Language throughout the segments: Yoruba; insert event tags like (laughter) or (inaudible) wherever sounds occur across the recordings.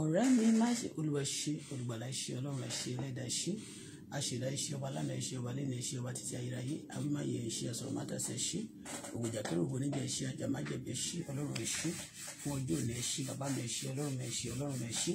ọ̀rẹ́ mi má ṣe olùwà ṣe olùgbàlà ṣe ọlọ́run ṣe ẹlẹ́dà ṣe àṣẹdá ṣe ọba lánà ṣe ọba lẹ́nà ṣe ọba títí ayérayé àwímáyé ṣe ẹ̀sọ́ mátàṣẹ́ ṣe òwòjàkẹ́rù ògbóníjà ṣe àjàmájẹ̀bẹ̀ ṣe ọlọ́run ṣe fún ọjọ́ òní ṣe bàbá mi ṣe ọlọ́run ṣe ọlọ́run ṣe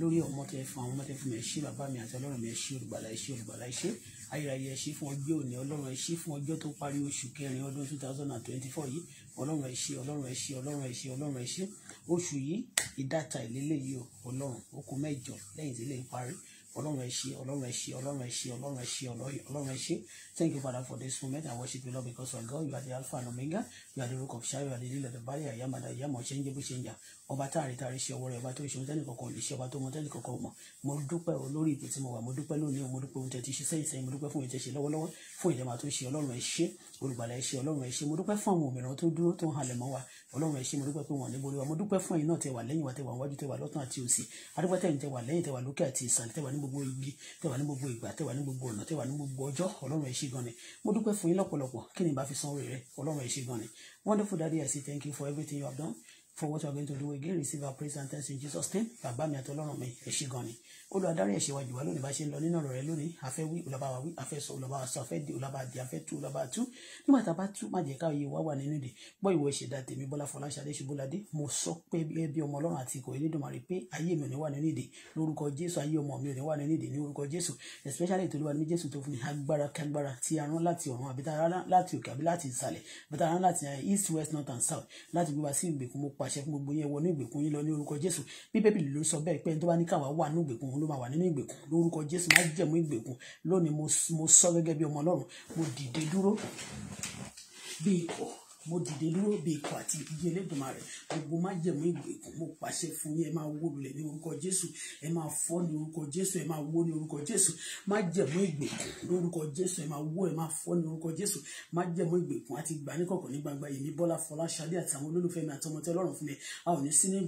lórí ọmọ tẹ fún àwọn ọmọ fún mi ṣe bàbá mi àti ọlọ́run ṣe olùgbàlà ṣe olùgbàlà ṣe ayérayé ṣe fún ọjọ́ òní ọlọ́run ṣe fún ọjọ́ tó parí oṣù kẹrin ọdún two thousand and twenty four yìí ọlọ́run ẹ ṣé ọlọ́run ẹ ṣé ọlọ́run ẹ ṣé ọlọ́run ẹ ṣé oṣù yìí ìdáta ìlélẹ̀ yìí ọlọ́run ó mẹ́jọ lẹ́yìn tí lè parí ọlọ́run ẹ ọlọ́run ẹ ọlọ́run ẹ ọlọ́run ẹ ọlọ́run ẹ thank you father for this moment i worship you lord because of god you are the alpha and omega you are the rock of shire you are the leader of the valley ayamada ayamọ ṣe ń jẹ bó ṣe ń jà ọba tá àrítàrí ṣe ọwọ́ rẹ̀ ọba tó ṣe ohun tẹ́nìkọ̀kan lè ṣe ọba tó mọ tẹ́nìkọ̀kan mọ̀ mo dúpẹ́ olórí ìpè tí mo wà mo dúpẹ́ lónìí mo dúpẹ́ ohun tẹ́ ti ṣe sẹ́yìn sẹ́yìn mo dúpẹ́ fún ìtẹ́ ṣe fún ìtẹ́ tó ṣe ọlọ́run ẹ ṣé olùgbàlà ẹ ṣé ọlọ́run ẹ ṣé mo dúpẹ́ fún àwọn òmìnira tó dúró tó ń halẹ̀ mọ́ wa ọlọ́run ẹ ṣé mo dúpẹ́ pé wọ́n ní borí wa mo dúpẹ́ fún ẹ̀yin náà tẹ lẹ́yìn wa tẹ wájú tẹ wà àti òsì adúpẹ́ tẹ̀yìn tẹ lẹ́yìn tẹ lókè àti ìsàlẹ̀ tẹ ní gbogbo igi tẹ ní gbogbo ìgbà tẹ ní gbogbo ọ̀nà tẹ ní gbogbo ọjọ́ ọlọ́run ẹ ṣé gan ni mo dúpẹ́ fún yín lọ́pọ̀lọpọ̀ kí ni bá fi san rẹ ọlọ́run ẹ ṣé gan ni wonderful daddy i say thank you for everything you have done for what you are going to do again receive our praise and thanks in jesus name bàbá mi àti ọlọ́run mi ẹ ṣé gan ni olùwàdárí ẹ̀ṣẹ̀ wa jù wá lónìí bá ṣe ń lọ nínú ọ̀rọ̀ rẹ lónìí afẹ́ wí olùbá wa wí afẹ́ sọ olùbá wa sọ afẹ́ di olùbá di afẹ́ tú olùbá tú nígbà tá a bá tú má jẹ́ ká oyè wá wà nínú ìdè gbọ́ ìwọ ìṣẹ̀dá tèmi bọ́lá fọláṣadé ṣubúládé mo sọ pé bí ọmọ ọlọ́run àti ikọ̀ elédùnmarè pé ayé mi ò ní wà nínú ìdè lórúkọ jésù ayé ọmọ mi ò ní wà nínú ìdè ní jésù òun ló máa wà nínú ìgbèkùn lórúkọ jésù má jẹ̀mú ìgbèkùn lónìí mo sọ gẹ́gẹ́ bí ọmọ ọlọ́run mo dìde dúró bí ikọ̀ mo dìde dúró bí ikọ̀ àti ìdíje Elédùmarè gbogbo má jẹ̀mú ìgbèkùn mo pàṣẹ fún yín ẹ máa wó lulẹ̀ ní orúkọ Jésù ẹ máa fọ́ ní orúkọ Jésù ẹ máa wó ní orúkọ Jésù má jẹ̀mú ìgbèkùn lórúkọ Jésù ẹ máa wó ẹ máa fọ́ ní orúkọ Jésù má jẹ̀mú ìgbèkùn àti ìgbà níkọ̀kọ̀ ní gbangba yìí ní Bọ́lá Fọláṣadé àti àwọn olólùfẹ́ a ò ní sí ní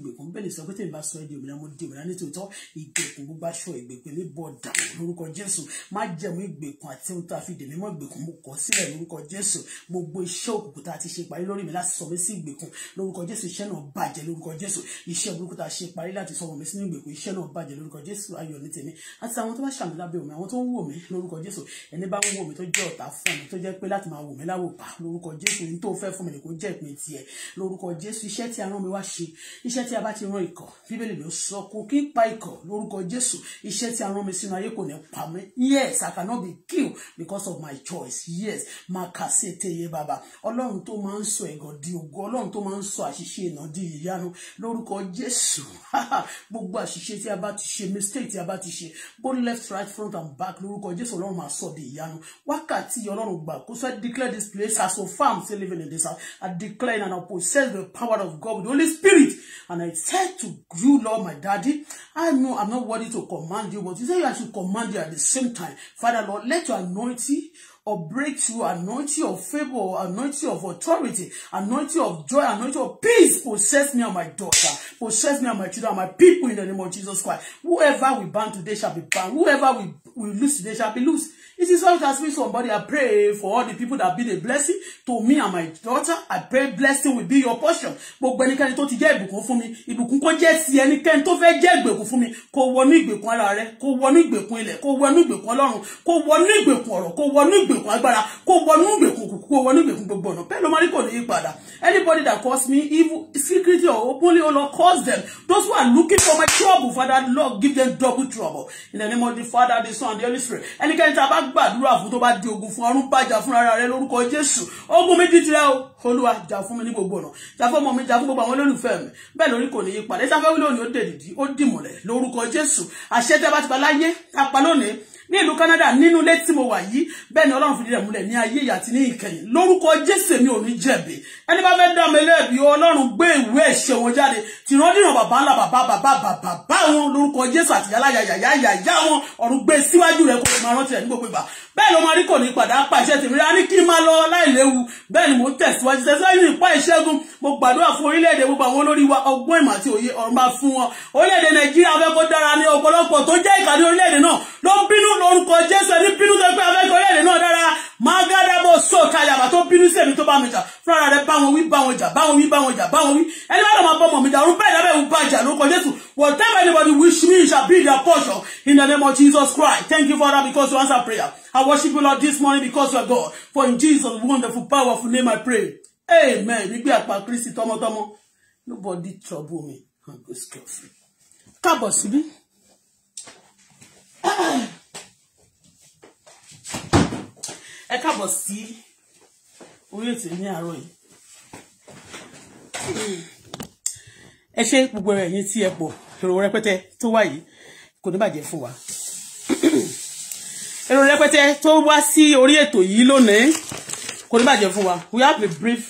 ni sọ pé tèmi bá sọ èdè òmìnira mo di òmìnira nítòótọ́ ìgbèkùn gbogbo aṣọ ìgbèkùn mi bọ̀ dà lórúkọ Jésù má jẹ̀mú ìgbèkùn àti fi dèmí mọ́ ìgbèkùn mo kọ̀ sílẹ̀ lórúkọ Jésù gbogbo iṣẹ́ òkùnkùn tá parí lórí mi láti sọ mí sí ìgbèkùn lórúkọ jésù iṣẹ́ náà bàjẹ́ lórúkọ jésù iṣẹ́ burúkú tá a ṣe parí láti sọ mi sínú ìgbèkùn iṣẹ́ náà bàjẹ́ lórúkọ jésù ayọ̀ ní tèmi àti àwọn tó bá ṣàmì lábẹ́ omi àwọn tó ń wò mí lórúkọ jésù ẹni bá ń wò mí tó jẹ́ ọ̀tá fún mi tó jẹ́ pé láti máa wò mí láwò pa lórúkọ jésù ní tó fẹ́ fún mi kò jẹ́ ìpín tiẹ̀ lórúkọ jésù iṣẹ́ tí a rán mi wá ṣe iṣẹ́ tí a bá ti rán ikọ̀ bíbélì ló sọ kò kí pa ikọ̀ lórúkọ jésù iṣẹ́ tí a rán mi sínú ayé kò ní pa mí yes I cannot be killed because of my choice yes makasete ye baba ọlọ́run tó máa máa ń sọ ẹ̀gàn di ògo ọlọ́run tó máa ń sọ àṣìṣe ìnà di ìyanu lórúkọ jésù (laughs) gbogbo àṣìṣe tí a bá ti ṣe mistake tí a bá ti ṣe both left right front and back lórúkọ jésù ọlọ́run máa sọ di ìyanu wákàtí ọlọ́run gbà kó sọ declare this place as of farm still living in this house i declare and i possess the power of god the holy spirit and i said to you lord my daddy i know i'm not worthy to command you but you say i should command you at the same time father lord let your anointing of breakthrough, anointing of favor, anointing of authority, anointing of joy, anointing of peace. Possess me and my daughter. Possess me and my children and my people in the name of Jesus Christ. Whoever we ban today shall be banned. Whoever we, we lose today shall be loose. It is it has been somebody. I pray for all the people that been a blessing to me and my daughter. I pray blessing will be your portion. But when to get, for me. Gbogbo ẹnikẹ́ni tó ti jẹ́ ìbùkún fún mi, ìbùkún kó jẹ́ sí ẹnikẹ́ni tó fẹ́ jẹ́ ìgbèkùn fún mi, kó wọnú ìgbèkùn ara rẹ, kó wọnú ìgbèkùn ilẹ̀, kó wọnú ìgbèkùn one, kó wọnú ìgbèkùn ọ̀rọ̀, kó wọnú ìgbèkùn agbára, kó wọnú ìgbèkùn one, kó wọnú ìgbèkùn gbogbo one, Bẹ́ẹ̀ ló máa rí kò ní yí padà. Anybody that calls me evil secretly or openly, or oh Lord, cause them. Those who are looking for my trouble, Father, Lord, give them double trouble. In the name of the Father, the Son, and the Holy Spirit. Any tá a bá gbàdúrà fún tó bá di ogun fún ọrún bàjá fúnra rẹ lórúkọ Jésù ogun mi di tirẹ̀ o Olúwa jà fún mi ní gbogbo ọ̀nà jà fún ọmọ mi jà fún gbogbo àwọn olólùfẹ́ mi bẹ́ẹ̀ lórí kò ní yí padà ìsáfẹ́ wílò ni ó dèdìdì ó dìmọ̀lẹ̀ lórúkọ Jésù àṣẹ tẹ́ bá ti pa láyé apá lónìí Ni ìlú Canada nínú ilé tí mo wà yìí bẹ́ẹ̀ ni Ọlọ́run fìdí rẹ̀ múlẹ̀ ní ayé ìyá àti ní ìkẹyìn lórúkọ Jésù mi ò ní jẹ̀bi ẹni bá fẹ́ dá mi lẹ́bi Ọlọ́run gbé ìwé ẹ̀ṣẹ̀ wọn jáde tìrandíran bàbá ńlá bàbá bàbá bàbá wọn lórúkọ Jésù àti yálà yàyà yàyà yá wọn ọ̀run gbé e síwájú rẹ̀ kó máa rántí rẹ̀ ní gbogbo ìgbà bẹ́ẹ̀ ló máa rí kò ní padà pa iṣẹ́ tèmi rẹ̀ ní kí n máa lọ láìléwu bẹ́ẹ̀ ni mò ń tẹ̀síwájú ìpá ìṣẹ́gun mo gbàdúrà fún orílẹ̀-èdè gbogbo àwọn olórí wa ọgbọ́n ìmọ̀ àti òye ọ̀run bá fún wọn orílẹ̀-èdè Nàìjíríà fẹ́ kó dára ní ọ̀pọ̀lọpọ̀ tó jẹ́ ìkàdé orílẹ̀-èdè náà bá mi jà fúnra rẹ bá wọn wí bá wọn jà bá wọn wí bá wọn jà bá wọn wí ẹni bá lọ́mọ bọ́mọ mi jà orúkọ ẹ̀dá bẹ́ẹ̀ ń bá jà lórúkọ Jésù whatever anybody wish me shall be their portion in the name of Jesus Christ thank you Father because you answer prayer I worship you Lord this morning because you are God for in Jesus wonderful powerful name I pray amen gbígbé àpá Kristi tọmọtọmọ nobody trouble me I go scarf káàbọ̀ síbí. (clears throat) ẹ káàbọ̀ sí orí ètò ní àárọ̀ yìí ẹ ṣe gbogbo rẹ̀ yín tí ẹ pọ̀ èrò rẹpẹtẹ tó wà yìí kò ní bàjẹ́ fún wa èrò rẹpẹtẹ tó wá sí orí ètò yìí lónìí kò ní bàjẹ́ fún wa we have a brief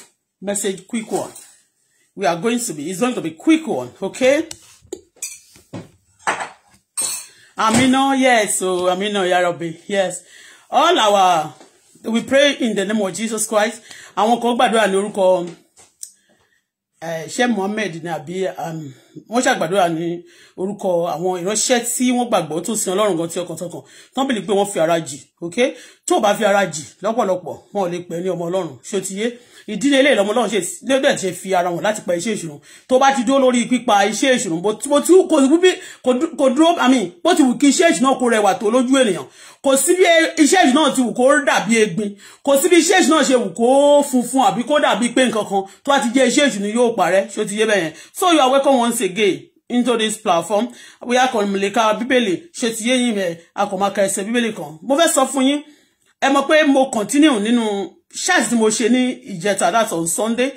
message quick one we are going to be it's going to be quick one okay. Amina, yes, oh, Amina Yarobi, yes. All our we pray in the name of Jesus Christ àwọn kan gbàdúrà ní orúkọ ṣé Mohammed ní àbí um, wọ́n ṣàgbàdúrà ní orúkọ àwọn ìránṣẹ́ tí wọ́n gbàgbọ́ tó sin Ọlọ́run gan tí ọkàntọkàn tán bìlì pé wọ́n fi ara jì ok tó o bá fi ara jì lọ́pọ̀lọpọ̀ wọn ò lè pè ní ọmọ Ọlọ́run ṣé o ti yé ìdílé ilé ìlọmọ lọ́run ṣe lébẹ̀ ṣe fi ara wọn láti pa iṣẹ́ ìṣúná tó bá ti dúró lórí pípa iṣẹ́ ìṣúná bó tí kò dúró àmì bó ti wù kí iṣẹ́ ìṣúná kó rẹwà tó lójú ènìyàn kò sí bí iṣẹ́ ìṣúná ti wù kó dàbí egbin kò sí bí iṣẹ́ ìṣúná ṣe wù kó funfun àbí kó dàbí pé nǹkan kan tó bá ti jẹ́ iṣẹ́ ìṣúná yóò parẹ́ ṣó ti yé bẹ́yẹn so you are welcome once again into this platform We are called ka bíbélì ṣe ti yé yín bẹ́ẹ̀ a kò máa ka ẹsẹ̀ bíbélì kan mo fẹ́ sọ fún yín ẹ mọ̀ pé mo continue nínú church tí mo ṣe that's on Sunday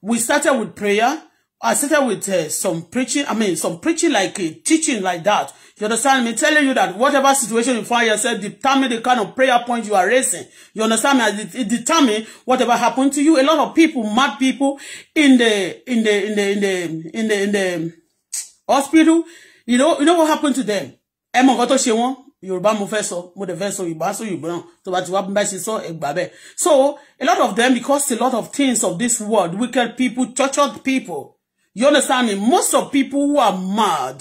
we started with prayer I started with uh, some preaching I mean some preaching like uh, teaching like that you understand me telling you that whatever situation you find yourself determine the kind of prayer point you are raising you understand me it, determine whatever happened to you a lot of people mad people in the in the in the in the in the in the hospital you know you know what happened to them ẹ mọ̀ nǹkan yorùbá mo fẹ́ sọ mo dẹ̀ fẹ́ sọ yorùbá sọ yorùbá náà tó ti wá bá ṣe sọ ẹgbà bẹ́ẹ̀ so a lot of them because a lot of things of this world wicked people tortured people you understand me most of people who are mad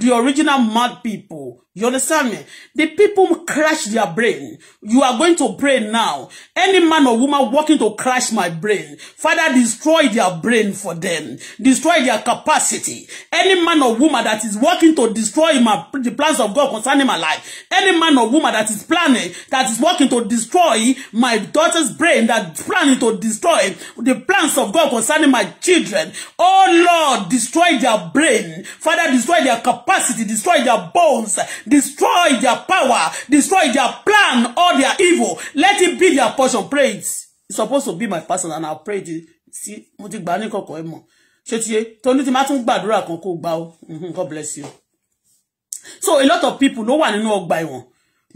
the original mad people You understand me? The people crash their brain. You are going to pray now. Any man or woman working to crash my brain, Father, destroy their brain for them. Destroy their capacity. Any man or woman that is working to destroy my, the plans of God concerning my life. Any man or woman that is planning, that is working to destroy my daughter's brain, that planning to destroy the plans of God concerning my children. Oh Lord, destroy their brain. Father, destroy their capacity. Destroy their bones Destroy their power. Destroy their plan, all their evil. Let it be their portion. Pray it. It's supposed to be my person and I'll pray it. See, mo ti gbà ní kọ̀kọ̀ ẹ mọ̀. Ṣé ti yé? ti máa tún gbàdúrà kan kó gbà ó. Mhm, God bless you. So a lot of people no one nínú ọgbà ẹ̀wọ̀n.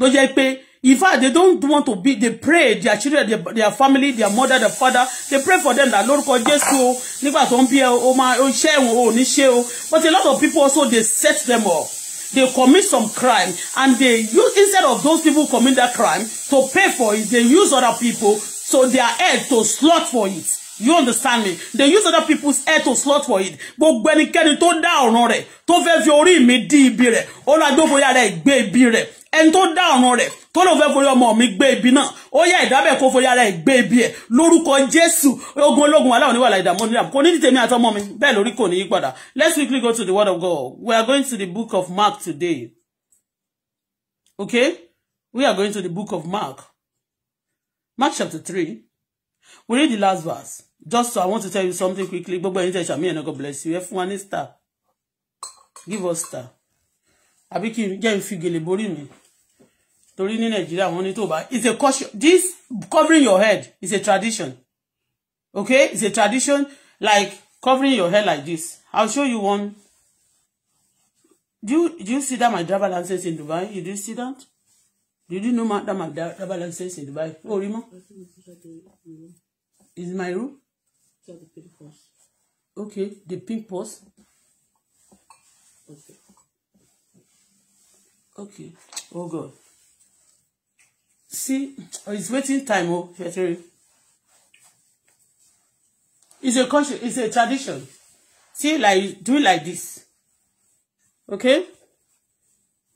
Ló jẹ́ pé in fact they don't want to be they pray their children their, their family their mother their father they pray for them that Lord Jésù o nígbà tó ń bí ẹ o share ṣẹ́ ẹ̀wọ̀n o ní ṣe o but a lot of people also they set them up they commit some crime and they use instead of those people commit that crime to pay for it they use other people so their head to slot for it you understand me they use other people's head to slot for it gbogbo ẹnikẹ́ni tó dá ọ̀ràn rẹ̀ tó fẹ́ fi orí mi dí ibi rẹ̀ ó lọ agbóboyà rẹ̀ gbé ibi rẹ̀ ẹni tó dá ọ̀ràn rẹ̀ tó lóun fẹ́ forí ọmọ mi gbé ibi náà ó yá ìdábẹ̀ kó forí ara ẹ̀ gbé ibi ẹ̀ lórúkọ Jésù ogun ológun aláwọ̀ níwàlá ìdààmú nílàmú kò ní tèmi àti ọmọ mi bẹ́ẹ̀ lórí kò ní yí padà let's quickly go to the word of God we are going to the book of Mark today okay we are going to the book of Mark Mark chapter three we read the last verse just so I want to tell you something quickly gbogbo ẹni tẹ ṣàmì ẹ̀nà God bless you ẹ fún wa ní star give us star àbí kí n jẹ́ n fi gèlè borí mi torí ní nàìjíríà wọ́n ní tó bá it's a caution this covering your head is a tradition okay it's a tradition like covering your head like this i'll show you one do you do you see that my driver license in dubai you do see that did you know my, that my driver license in dubai oh rima is my room okay the pink purse okay okay oh god See, oh, it's waiting time, oh, It's a culture, it's a tradition. See, like, do it like this. Okay?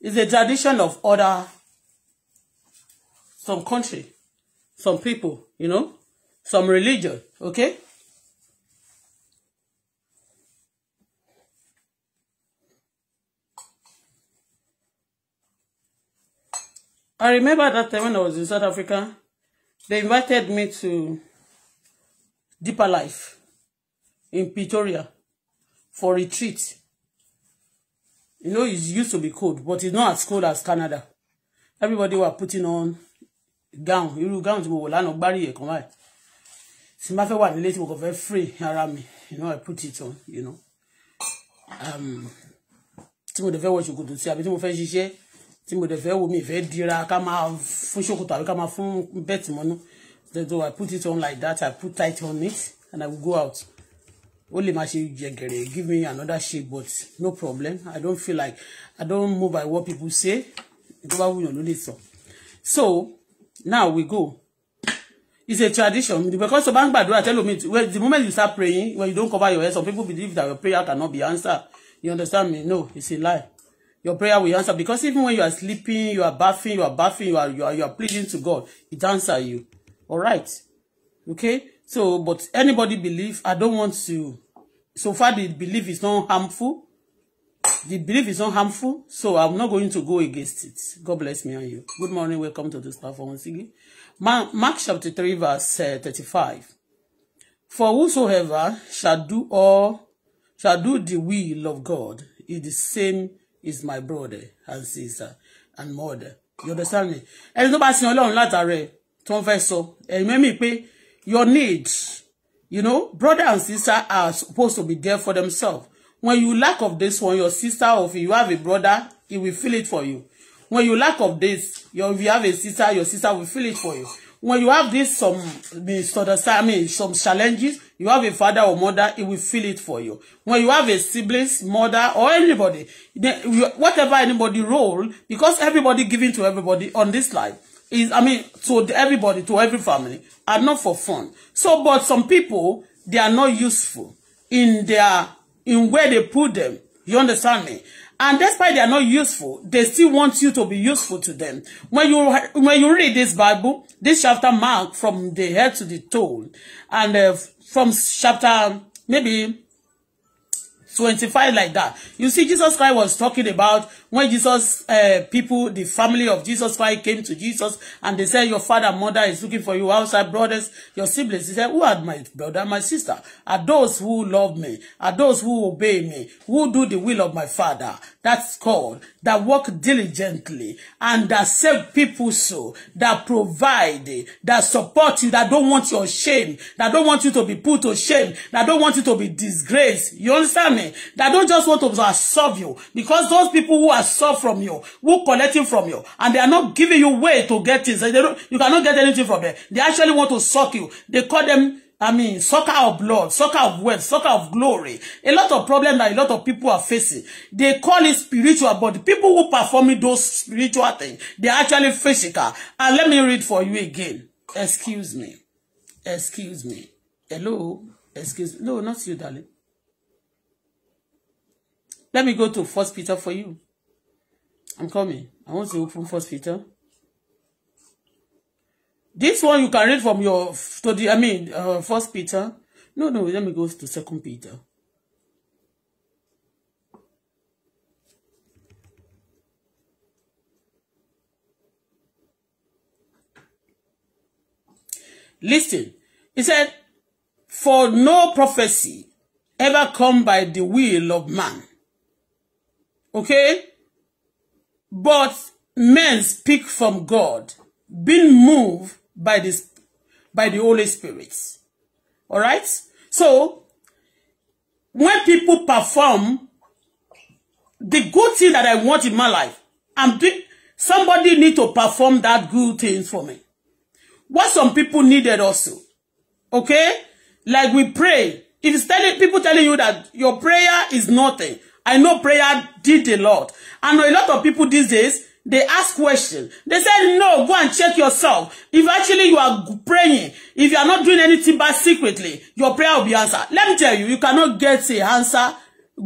It's a tradition of other, some country, some people, you know, some religion, okay? I remember that time when I was in South Africa, they invited me to Deeper Life in Pretoria for retreat. You know, it used to be cold, but it's not as cold as Canada. Everybody were putting on gown. Irú gown tí mo wọ̀ lánàá gbárí ẹ̀kan báyìí. Tí n bá fẹ́ wà nílé tí mo free around me. you know, I put it on, you know. Um, very mo you could wọ ṣòkòtò sí àbí tí mo fẹ́ ṣiṣẹ́ tí mo dẹ̀ fẹ́ wo mi ìfẹ́ dira ká máa fún ṣòkòtò àbí ká máa fún bẹ́ẹ̀tì mọ́nú so I put it on like that I put tight on it and I will go out ó lè máa ṣe jẹgẹrẹ give me another shape but no problem I don't feel like I don't move by what people say tó bá wùyàn ló lè sọ so now we go it's a tradition because ọba ń gbàdúrà tell me the moment you start praying when you don't cover your head some people believe that your prayer cannot be answered you understand me no it's a lie your prayer will answer because even when you are sleeping, you are bathing, you are bathing, you are you are, you are pleading to God, it answer you. All right, okay. So, but anybody believe? I don't want to. So far, the belief is not harmful. The belief is not harmful, so I'm not going to go against it. God bless me and you. Good morning. Welcome to this platform once again. Mark chapter 3, verse uh, 35. For whosoever shall do all, shall do the will of God, is the same is my brother and sister and mother you understand me ẹni tó bá sin ọlọ́run látàrẹ tó ń fẹ́ sọ ẹ̀yìn mẹ́mí pé your need you know brother and sister are supposed to be there for themselves when you lack of this one your sister or you have a brother he will feel it for you when you lack of this your if you have a sister your sister will feel it for you when you have this some misunderstanding, I mean some challenges, you have a father or mother, he will feel it for you. When you have a siblings, mother or anybody, then you, whatever anybody role, because everybody giving to everybody on this life is, I mean, to everybody, to every family, are not for fun. So, but some people they are not useful in their in where they put them. You understand me? And despite they are not useful, they still want you to be useful to them. When you when you read this Bible, this chapter mark from the head to the toe, and uh, from chapter maybe 25 like that. You see, Jesus Christ was talking about when Jesus, uh, people, the family of Jesus Christ came to Jesus and they said, your father, mother is looking for you outside, brothers, your siblings. He said, who are my brother, my sister? Are those who love me? Are those who obey me? Who do the will of my father? That's called, that work diligently and that save people so, that provide, that support you, that don't want your shame, that don't want you to be put to shame, that don't want you to be disgraced. You understand me? women that don't just want to serve you because those people who are served from you, who collecting from you, and they are not giving you way to get things. They don't, you cannot get anything from them. They actually want to suck you. They call them I mean, sucker of blood, sucker of wealth, sucker of glory. A lot of problems that a lot of people are facing. They call it spiritual, but the people who perform those spiritual things, they're actually physical. And let me read for you again. Excuse me. Excuse me. Hello? Excuse me. No, not you, darling. Let me go to First Peter for you. I'm coming. I want to open First Peter. This one you can read from your study. I mean, uh, First Peter. No, no. Let me go to Second Peter. Listen, he said, for no prophecy ever come by the will of man, Okay? But men speak from God, being moved by this by the Holy Spirit. All right. So when people perform the good thing that I want in my life, I'm doing somebody need to perform that good thing for me. What some people needed also. Okay? Like we pray. If it's telling people telling you that your prayer is nothing, I know prayer did a lot. I know a lot of people these days, they ask questions. They say, no, go and check yourself. If actually you are praying, if you are not doing anything but secretly, your prayer will be answered. Let me tell you, you cannot get a answer,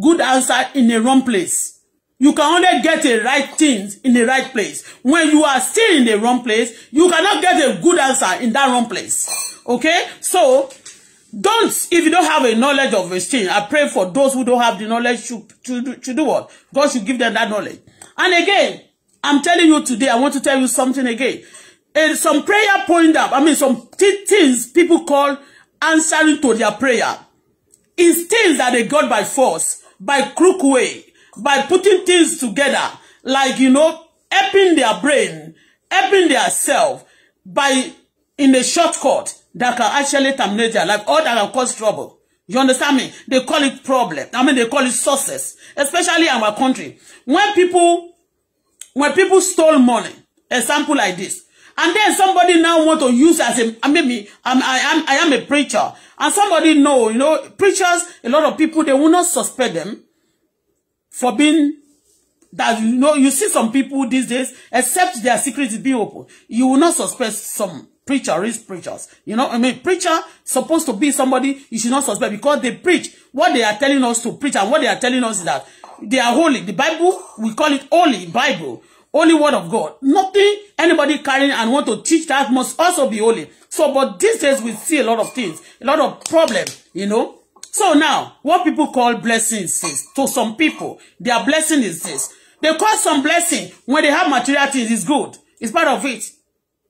good answer in a wrong place. You can only get the right things in the right place. When you are still in the wrong place, you cannot get a good answer in that wrong place. Okay? So, Don't, if you don't have a knowledge of a thing. I pray for those who don't have the knowledge to, to, do, to do what? God should give them that knowledge. And again, I'm telling you today, I want to tell you something again. And some prayer point up, I mean, some things people call answering to their prayer. It's things that they got by force, by crook way, by putting things together, like, you know, helping their brain, helping their self, by, in a shortcut, that can actually terminate their life or that can cause trouble. You understand me? They call it problem. I mean, they call it sources, especially in our country. When people, when people stole money, example like this, and then somebody now want to use as a, I mean, me, I'm, I am, I am a preacher, and somebody know, you know, preachers, a lot of people, they will not suspect them for being that you know you see some people these days except their secret is being open you will not suspect some Preacher is preachers. You know, I mean, preacher supposed to be somebody you should not suspect because they preach what they are telling us to preach and what they are telling us is that they are holy. The Bible, we call it holy Bible, holy word of God. Nothing anybody carrying and want to teach that must also be holy. So, but these days we see a lot of things, a lot of problems, you know. So now, what people call blessings is to some people, their blessing is this. They call some blessing when they have material things, it's good. It's part of it.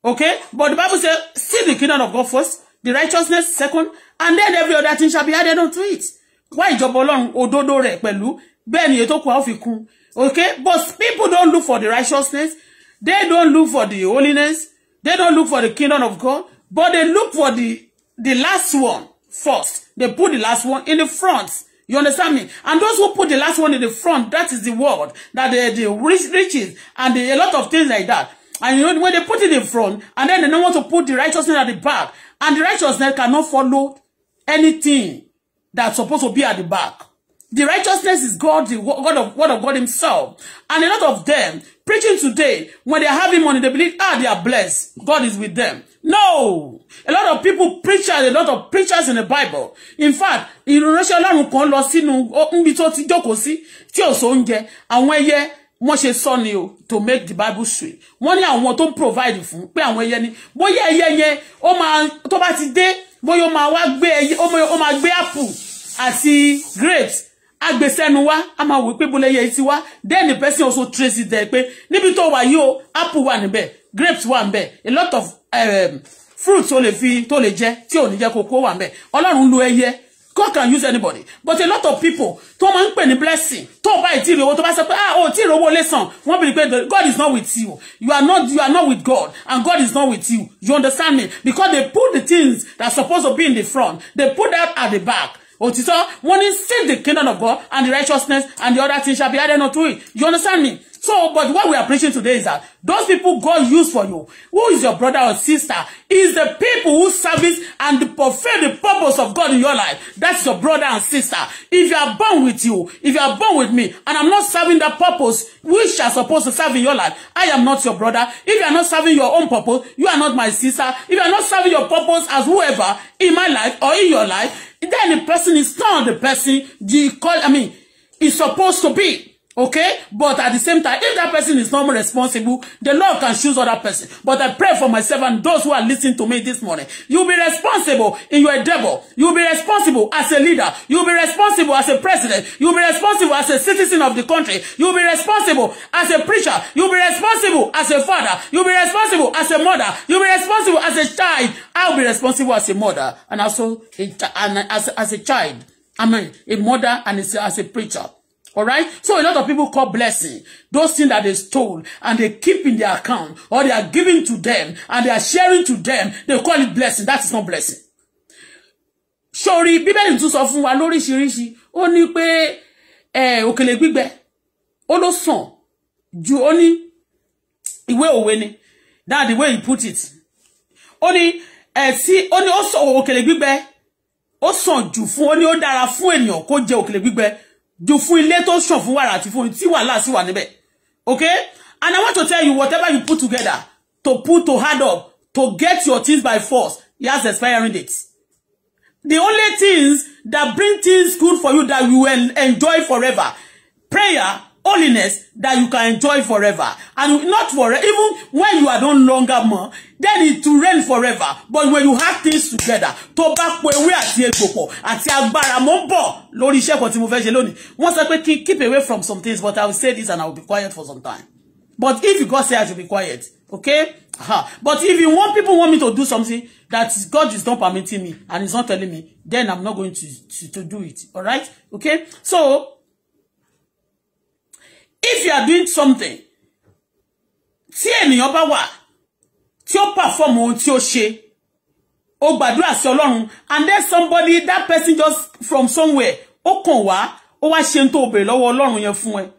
Okay? But the Bible says, see the kingdom of God first, the righteousness second, and then every other thing shall be added unto it. Why job Ọlọ́run ododo re pẹ̀lú ben ni ètò kù Okay? But people don't look for the righteousness. They don't look for the holiness. They don't look for the kingdom of God. But they look for the, the last one first. They put the last one in the front. You understand me? And those who put the last one in the front, that is the world, that the, the riches and the, a lot of things like that. And you know, when they put it in front, and then they don't want to put the righteousness at the back, and the righteousness cannot follow anything that's supposed to be at the back. The righteousness is God, the God of, word of God himself. And a lot of them preaching today, when they have him money, they believe, ah, they are blessed. God is with them. No! A lot of people, preachers, a lot of preachers in the Bible. In fact, ìránṣẹ́ Ọlọ́run kan lọ sínú níbi tó ti jókòó sí, tí ò sóúnjẹ, àwọn ẹyẹ wọ́n ṣe sọ ni o to make the bible sweet wọ́n ní àwọn tó ń provide fún pé àwọn ẹyẹ ni bóyá ẹyẹ yẹn ó máa tó bá ti dé bóyá ó máa wá gbé ẹyẹ ó máa gbé apple àti grapes agbèsẹ́nu wá a máa wí pé bólẹ̀ ẹyẹ ti wá then the person also trace it there pé níbi tó wà yìí o apple wà níbẹ̀ grapes wà níbẹ̀ a lot of um, fruits tó lè fi tó lè jẹ tí ò ní jẹ kókó wà níbẹ̀ ọlọ́run lo ẹyẹ God can use anybody but a lot of people tó man ń pè blessing tó bá ìtì ìrówó tó bá sọ pé ah oh, tí ìrówó lè san wọ́n bìrì God is not with you you are not you are not with God and God is not with you you understand me because they put the things that supposed to be in the front they put that at the back Oh, òtítọ́ wọ́n ní seek the kingdom of God and the righteousness and the other things shall be added unto it you understand me So, but what we are preaching today is that those people God used for you, who is your brother or sister, is the people who service and fulfill the purpose of God in your life. That's your brother and sister. If you are born with you, if you are born with me, and I'm not serving that purpose which are supposed to serve in your life, I am not your brother. If you are not serving your own purpose, you are not my sister. If you are not serving your purpose as whoever in my life or in your life, then the person is not the person you call, I mean, is supposed to be. Okay? But at the same time, if that person is not responsible, the Lord can choose other person. But I pray for myself and those who are listening to me this morning. You'll be responsible in your endeavor. You'll be responsible as a leader. You'll be responsible as a president. You'll be responsible as a citizen of the country. You'll be responsible as a preacher. You'll be responsible as a father. You'll be responsible as a mother. You'll be responsible as a child. I'll be responsible as a mother and also a, and as, as a child. I mean, a mother and as a preacher. All right. So a lot of people call blessing those things that they stole and they keep in their account or they are giving to them and they are sharing to them. They call it blessing. That is not blessing. Sori Bíbélì tún sọ fún wa lóríṣiríṣi. Ó ní pé eh òkèlè gbígbẹ. Ó ló sàn ju ó ní ìwé òwe That the way he put it. Ó eh see ó ní ó sọ òkèlè gbígbẹ. Ó sàn jù fún ó ní ó dára fún ènìyàn kó jẹ òkèlè jù fún ilé tó ṣàn fún wàrà àti fún tí wàhálà sì wà níbẹ̀ okay and i want to tell you whatever you put together to put to hard up to get your things by force he has expiring date the only things that bring things good for you that you will enjoy forever prayer holiness that you can enjoy forever. And not forever, even when you are no longer more, then it will reign forever. But when you have things together, to back where we are egbòpọ̀ before agbára mo ń bọ̀ lórí what you move, mo fẹ́ ṣe lónìí. Wọ́n keep away from some things, but I will say this and I will be quiet for some time. But if God says I should be quiet, okay? Aha. But if you want people want me to do something that God is not permitting me and is not telling me, then I'm not going to, to, to do it. All right? Okay? So, if you are doing something tí ènìyàn bá wa, ti ó perform ohun tí ó ṣe ó gbàdúrà sí Ọlọ́run and then somebody that person just from somewhere ó kàn wá ó wá ṣe tó bèrè lọ́wọ́ Ọlọ́run yẹn fún ẹ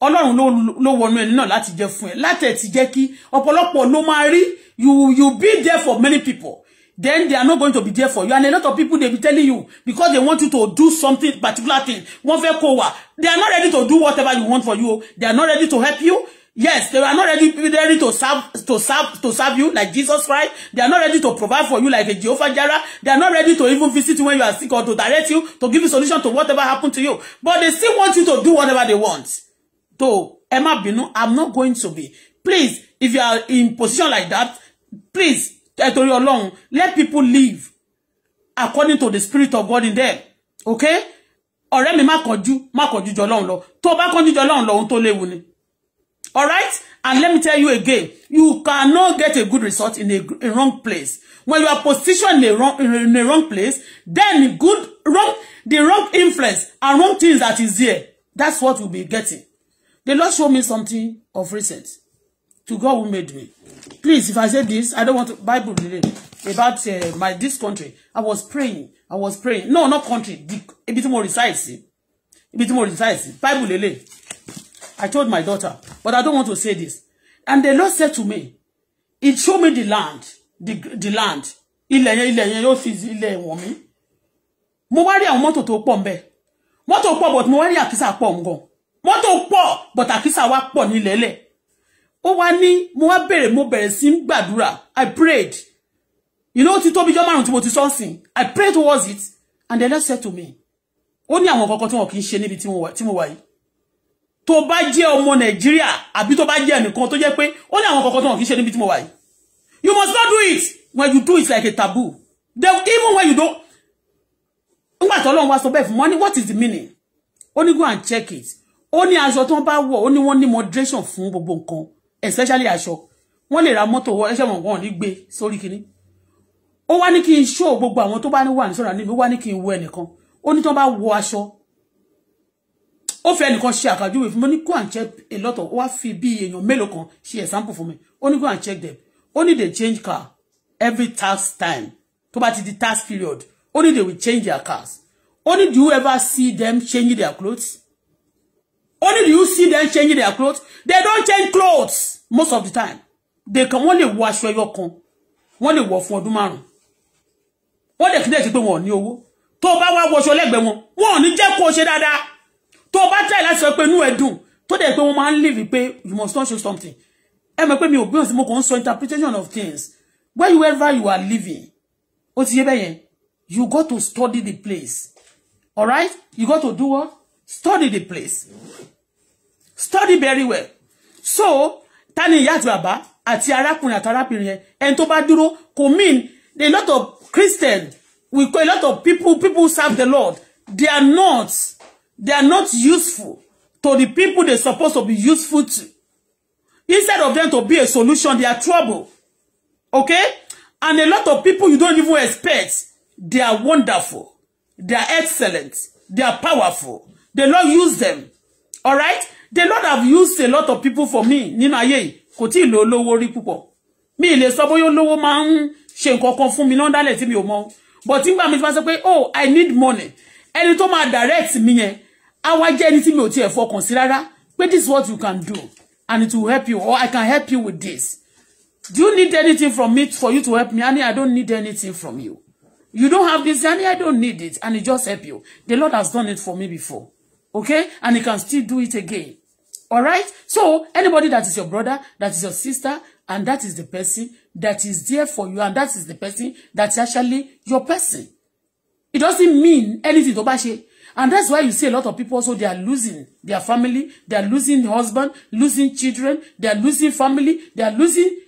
Ọlọ́run ló wọnú ẹni náà láti jẹ fún ẹ láti ẹ ti jẹ́ kí ọ̀pọ̀lọpọ̀ ló máa rí you you be there for many people then they are not going to be there for you and a lot of people they be telling you because they want you to do something particular thing wọ́n fẹ́ kó they are not ready to do whatever you want for you they are not ready to help you yes they are not ready ready to serve to serve to serve you like Jesus Christ they are not ready to provide for you like a Jehovah Jireh they are not ready to even visit you when you are sick or to direct you to give you solution to whatever happened to you but they still want you to do whatever they want so Emma Binu I'm not going to be please if you are in position like that please Eh, torí Ọlọ́run let people live according to the spirit of God in them okay ọ̀rẹ́ mi má kọjú má kọjú jọ Ọlọ́run lọ tó bá kọjú jọ Ọlọ́run lọ ohun tó léwu ni Alright, and let me tell you again you cannot get a good result in a, a wrong place when you are positioned in a wrong in a wrong place then good wrong the wrong influence and wrong things that is there that's what we'll be getting the Lord showed me something of recent to God who made me. Please, if I say this, I don't want to Bible related about uh, my this country. I was praying. I was praying. No, not country. The, a bit more resides. A bit more resides. Bible lele. I told my daughter, but I don't want to say this. And the Lord said to me, He showed me the land, the the land. Ile yẹn, ile yẹn yóò fi ilẹ̀ wọ̀n mi. Mo wá rí àwọn mọ́tò tó pọ̀ ńbẹ̀. Mọ́tò but mo wá rí àkísà pọ̀ ń gan. Mọ́tò pọ̀ but àkísà wá pọ̀ nílẹ̀ ó wá ní mo wá bẹ̀rẹ̀ mo bẹ̀rẹ̀ sí ń i prayed you know ti tóbi jọ́ márùn tí mo ti sọ́nsìn i prayed towards it and the Lord said to me ó ní àwọn kankan tí wọn kì í ṣe níbi tí mo wà yìí tó bá jẹ́ ọmọ nàìjíríà àbí tó bá jẹ́ ẹnìkan tó jẹ́ pé ó ní àwọn kankan tí wọn kì í ṣe níbi mo wà yìí you must not do it when you do it like a taboo then even when you don't nígbà tó lọ́run wá sọ bẹ́ẹ̀ fún wọn what is the meaning ó ní go and check it ó ní aṣọ tí wọ́n bá wọ̀ ó ní wọ́n ní moderation fún gbogbo nǹkan especially aṣọ wọ́n lè ra mọ́tò wọ ẹṣẹ́ wọn wọ́n ní gbé sórí kinní ó wá ní kí n ṣó gbogbo àwọn tó bá ní wà ní sọ̀rọ̀ níbi ó wá ní kí n wo ẹnìkan ó ní tó bá wọ aṣọ ó fẹ́ ẹnìkan ṣe àkàjúwe fún mi ó ní go and check a lot of ó wá fi bí èèyàn mélòó kan ṣe example fún mi ó ní go and check them ó ní they change car every tax time tó bá ti di tax period ó ní they will change their cars ó ní do you ever see them change their clothes Only do you see them changing their clothes? They don't change clothes most of the time. They can only wash wọ you come. kan. Wọ́n lè wọ̀ fún what márùn-ún. Wọ́n dẹ̀ you sí pé wọn ò ní owó. Tó bá wá wọṣọ lẹ́gbẹ̀ẹ́ wọn, wọn ò ní jẹ́ kó ṣe dáadáa. Tó bá tẹ̀ láti sọ pé inú you must not show something. Ẹ mọ̀ pé mi ò gbìyànjú mo interpretation of things. Where you ever you are living, ó ti yé bẹ́yẹn, you got to study the place. All right? You got to do what? study the place study very well so tani ìyá àti bàbá àti arákùnrin àti arábìnrin yẹn ẹni tó bá dúró kò mean a lot of Christian we call a lot of people people serve the Lord they are not they are not useful to the people they supposed to be useful to instead of them to be a solution they are trouble okay and a lot of people you don't even expect they are wonderful they are excellent they are powerful The Lord used them. All right? The Lord have used a lot of people for me nínú ayé yìí. Kò lo olówó pupo. púpọ̀. Mi lè sọ bóyá olówó máa ń ṣe nǹkan kan fún mi lọ́ndálẹ̀ tí mi ò mọ̀. But nígbà mi ti máa oh I need money. Ẹni tó máa direct mi yẹn. Á wá jẹ́ ẹni tí mi ò tiẹ̀ fọkàn sí rárá. Pé this is what you can do and it will help you or I can help you with this. Do you need anything from me for you to help me? Annie, I don't need anything from you. You don't have this, Annie, I don't need it. And it just help you. The Lord has done it for me before. Okay? And he can still do it again. All right? So, anybody that is your brother, that is your sister, and that is the person that is there for you, and that is the person that's actually your person. It doesn't mean anything tó bá And that's why you see a lot of people So they are losing their family, they are losing husband, losing children, they are losing family, they are losing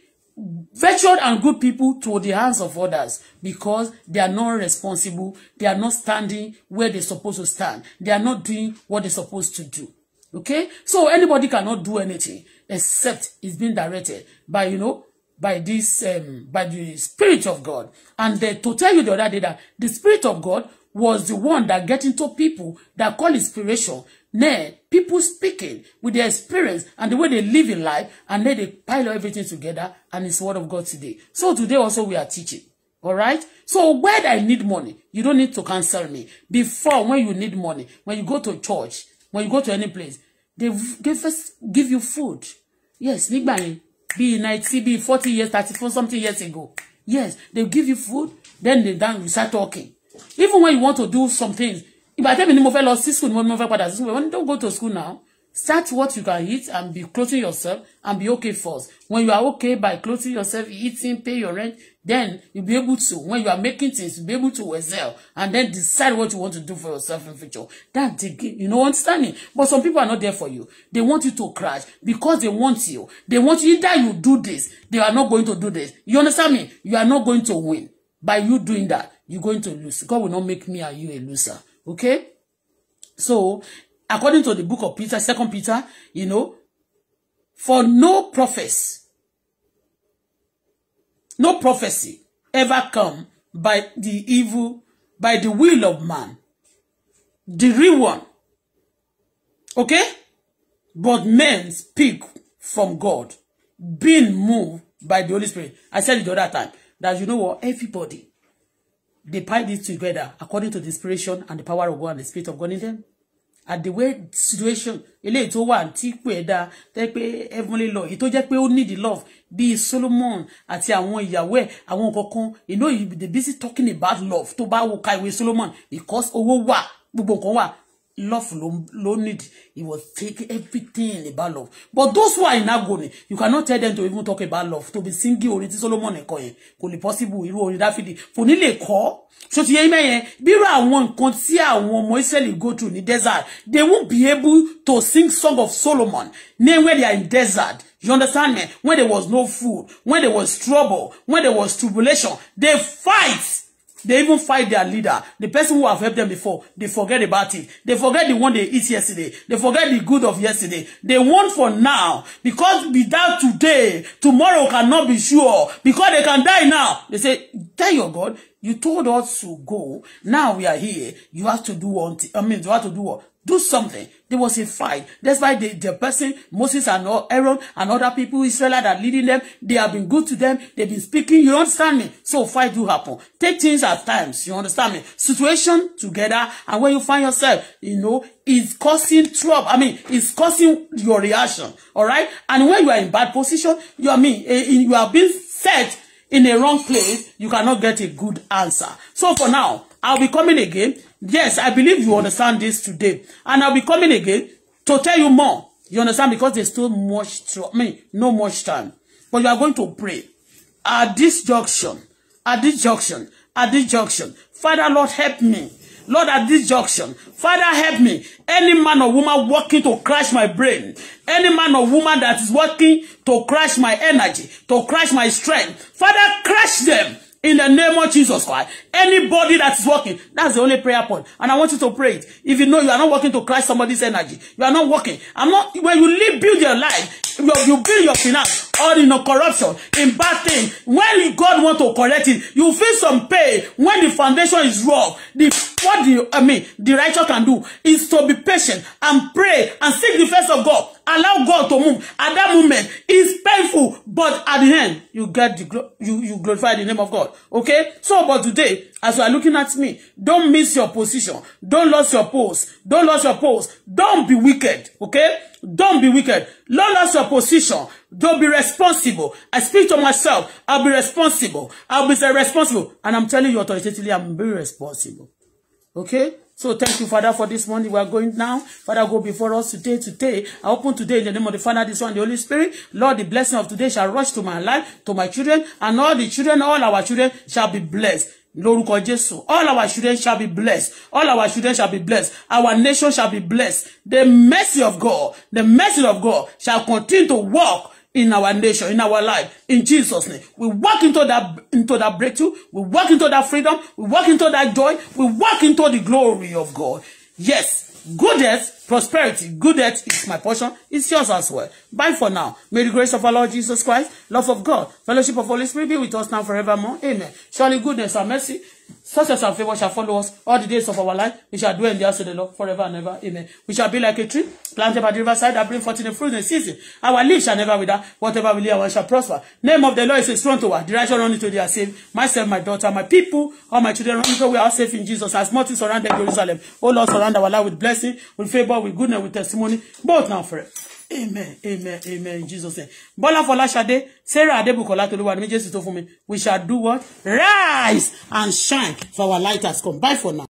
virtual and good people to the hands of others because they are not responsible. They are not standing where they're supposed to stand. They are not doing what they're supposed to do. Okay? So anybody cannot do anything except it's being directed by, you know, by this, um, by the Spirit of God. And the, to tell you the other day that the Spirit of God was the one that get into people that call inspiration Nay, people speaking with their experience and the way they live in life, and then they pile everything together, and it's the word of God today. So today also we are teaching. All right. So where I need money, you don't need to cancel me. Before, when you need money, when you go to church, when you go to any place, they they first give you food. Yes, nígbà yẹn, be 90, be 40 years, 34 something years ago. Yes, they give you food, then they then you start talking. Even when you want to do some things, ìgbà tẹ́mi ni mo fẹ́ lọ sí school ni mo fẹ́ padà sí school wọ́n ní don't go to school now start what you can eat and be clothing yourself and be okay first when you are okay by clothing yourself eating pay your rent then you be able to when you are making things you be able to excel and then decide what you want to do for yourself in future that's the game you know understanding but some people are not there for you they want you to crash because they want you they want you either you do this they are not going to do this you understand me you are not going to win by you doing that You going to lose God will not make me and you a loser Okay? So, according to the book of Peter, Second Peter, you know, for no prophecy, no prophecy ever come by the evil, by the will of man, the real one. Okay? But men speak from God, being moved by the Holy Spirit. I said it the other time that you know what, everybody they pile this together according to the inspiration and the power of God and the spirit of God in them at the way situation eléyìí tó wà tí pé ẹ dáa tẹ heavenly law èyí tó jẹ́ pé ó love bíi Solomon àti àwọn ìyàwó ẹ̀ àwọn you know you dey busy talking about love tó bá wo ka Solomon because owó wà gbogbo nǹkan wa love ló need he was taking everything about love but those who are in agony you cannot tell them to even talk about love to be singing orin tí Solomon ẹ̀kọ́ yẹn kò lè possible irú orin Dáfídì kò ní lè kọ́ so ti yẹn mẹ́yẹn bírò àwọn nǹkan tí àwọn ọmọ Israeli go through ní desert they won't be able to sing song of Solomon Name where they are in desert you understand me when there was no food when there was trouble when there was tribulation they fight. They even fight their leader. The person who have helped them before, they forget about it. They forget the one they eat yesterday. They forget the good of yesterday. They want for now. Because without today, tomorrow cannot be sure. Because they can die now. They say, tell your God, you told us to go. Now we are here. You have to do one I mean, you have to do what? do something. There was a fight. That's why the, the person, Moses and Aaron and other people, Israel, that are leading them, they have been good to them. They've been speaking. You understand me? So fight do happen. Take things at times. You understand me? Situation together. And when you find yourself, you know, it's causing trouble. I mean, it's causing your reaction. All right. And when you are in bad position, you I mean, eh, eh, you are being set in a wrong place, you cannot get a good answer. So for now, I'll be coming again Yes, I believe you understand this today. And I'll be coming again to tell you more. You understand? Because there's still much, to, I mean, no much time. But you are going to pray. At this junction, at this junction, at this junction, Father, Lord, help me. Lord, at this junction, Father, help me. Any man or woman working to crash my brain, any man or woman that is working to crash my energy, to crash my strength, Father, crash them in the name of Jesus Christ. Anybody that is working, that's the only prayer point. And I want you to pray it. If you know you are not working to Christ, somebody's energy, you are not working. I'm not, when you live, build your life, you, you build your finance, all in a corruption, in bad thing. When God want to correct it, you feel some pain. When the foundation is wrong, the What the, I mean, the righteous can do is to be patient and pray and seek the face of God. Allow God to move. At that moment, it's painful, but at the end, you get the glo you you glorify the name of God. Okay. So, but today, as you are looking at me, don't miss your position. Don't lose your post. Don't lose your post. Don't be wicked. Okay. Don't be wicked. Don't lose your position. Don't be responsible. I speak to myself. I'll be responsible. I'll be responsible, and I'm telling you authoritatively, I'm very responsible. Okay? So thank you, Father, for this morning. We are going now. Father, go before us today. Today, I open today in the name of the Father, the Son, the Holy Spirit. Lord, the blessing of today shall rush to my life, to my children, and all the children, all our children shall be blessed. Lórúkọ Jésù. All our children shall be blessed. All our children shall be blessed. Our nation shall be blessed. The mercy of God, the mercy of God shall continue to walk in our nation, in our life. In Jesus' name, we walk into that into that breakthrough. We walk into that freedom. We walk into that joy. We walk into the glory of God. Yes, goodness, prosperity, goodness is my portion. It's yours as well. Bye for now. May the grace of our Lord Jesus Christ, love of God, fellowship of Holy Spirit be with us now forevermore. Amen. Surely goodness and mercy Success and favor shall follow us all the days of our life. We shall dwell in the house of the Lord forever and ever. Amen. We shall be like a tree planted by the riverside that bring forth in the fruit in season. Our leaves shall never wither. Whatever we live, we shall prosper. Name of the Lord is a strong tower. The righteous run into their safe. Myself, my daughter, my people, all my children run into we are safe in Jesus. As multi surrounded Jerusalem. Oh Lord, surround our life with blessing, with favor, with goodness, with testimony, both now forever amen amen amen jesus name bọ́lá fọláṣadé sarah adébùkọ́lá tolúwa ní Jesus tó for me. we shall do what rise and shine for our light has come bye for now.